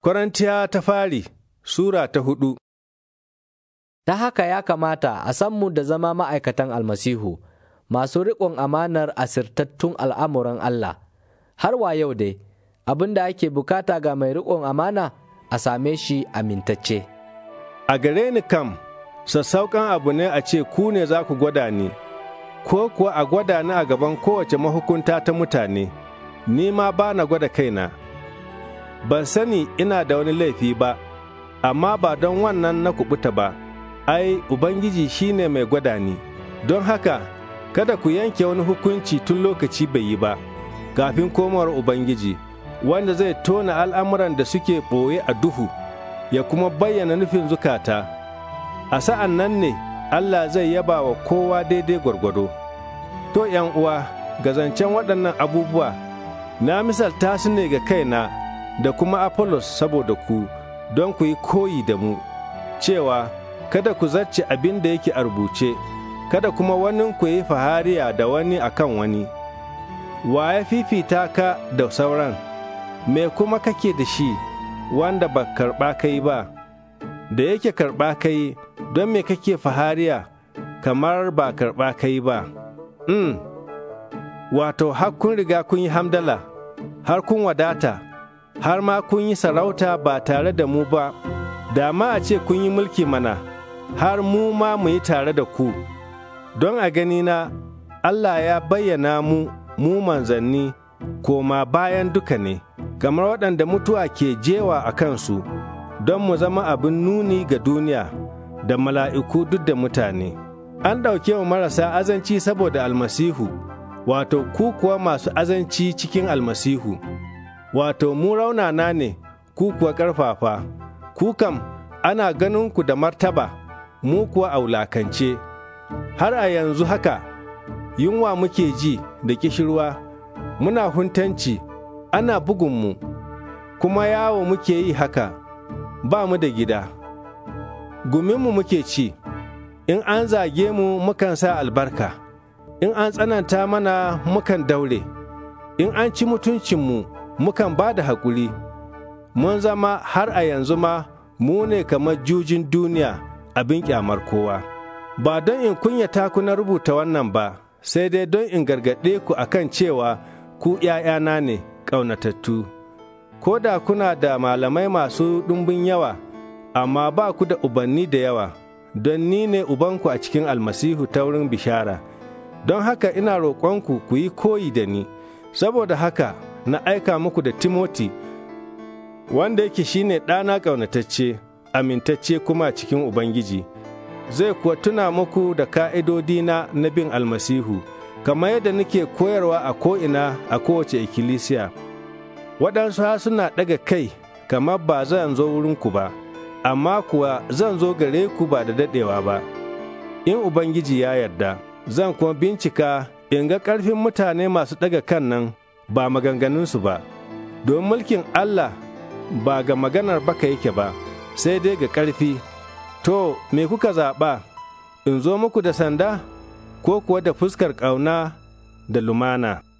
Korintiya ta fari Sura ta hudu Ta haka ya kamata a san mu da zama ma'aikatan almasihu, masu riƙon amanar asirtattun al'amuran Allah, har wa yau dai, abin da ake bukata ga mai riƙon amana a same shi amintacce. A gare ni kam, sassauƙan abu ne a ce ku ne za ku gwada ni, ko kuwa a gwada ni a gaban kowace mahukunta ta mutane, ni ma ba na gwada kaina. ban sani ina da wani laifi ba, amma ba don wannan na kubuta ba, ai, Ubangiji shi ne mai gwada ni, don haka, kada ku yanke wani hukunci tun lokaci bai yi ba, kafin komawar Ubangiji, wanda zai tona al'amuran da suke ɓoye a duhu, ya kuma bayyana nufin zukata. A sa'an nan ne Allah zai yaba wa kowa daidai gwargwado. To, uwa, ga zancen waɗannan abubuwa, na misalta su ne ga kaina. da kuma Apollos saboda ku don ku yi koyi da mu, cewa kada ku zarce abin da yake a rubuce, kada kuma wani ku yi fahariya da wani akan wani. Wa ya fifita ka da sauran, me kuma kake da shi wanda ba karɓa kai ba, da yake karɓa kai don me kake fahariya kamar ba karɓa kai ba. Hmm. Wato, har kun riga kun yi hamdala, har kun wadata. har ma kun yi sarauta ba tare da mu ba, da ma a ce kun yi mulki mana, har mu ma mu yi tare da ku. Don a ganina, Allah ya bayyana mu, mu manzanni, koma bayan duka ne, kamar waɗanda mutuwa ke jewa a kansu, don mu zama abin nuni ga duniya, da mala'iku duk da mutane. An ɗauke wa marasa azanci saboda almasihu, wato ku kuwa masu azanci cikin almasihu. wato mu raunana ne ku kuwa ƙarfafa, ku kam ana ganin ku da martaba, mu kuwa a wulakance. Har a yanzu haka, yunwa muke ji da kishirwa, muna huntanci, ana bugunmu, kuma yawo muke yi haka, ba mu da gida. Guminmu muke ci, in an zage mu mukan sa albarka, in an tsananta mana mukan daure, in an ci mutuncinmu mukan ba da haƙuri, mun zama har a yanzu ma mu ne kamar jujin duniya abin ƙyamar kowa. Ba don in kunyata ku na rubuta wannan ba, sai dai don in gargaɗe ku kan cewa ku ’ya'yana ne ƙaunatattu. Ko da kuna da malamai masu ɗumbin yawa, amma ba ku da ubanni da yawa, don ni ne ubanku a cikin almasihu ta wurin bishara. Don haka ina roƙonku ku yi koyi da ni, saboda haka na aika muku da Timoti, wanda yake ne ɗana ƙaunatacce, amintacce kuma cikin Ubangiji, zai kuwa tuna muku da ka'idodina na bin almasihu, kamar yadda nake koyarwa a ko'ina a kowace ikkilisiya. Waɗansu ha suna ɗaga kai, kamar ba zan zo wurinku ba, amma kuwa zan zo gare ku ba da daɗewa ba. In Ubangiji ya yarda, zan kuma bincika in ga ƙarfin mutane masu ɗaga kan nan. ba maganganunsu ba, don mulkin Allah ba ga maganar baka yake ba, sai dai ga ƙarfi. To, me kuka zaɓa, in zo muku da sanda, ko kuwa da fuskar ƙauna da lumana.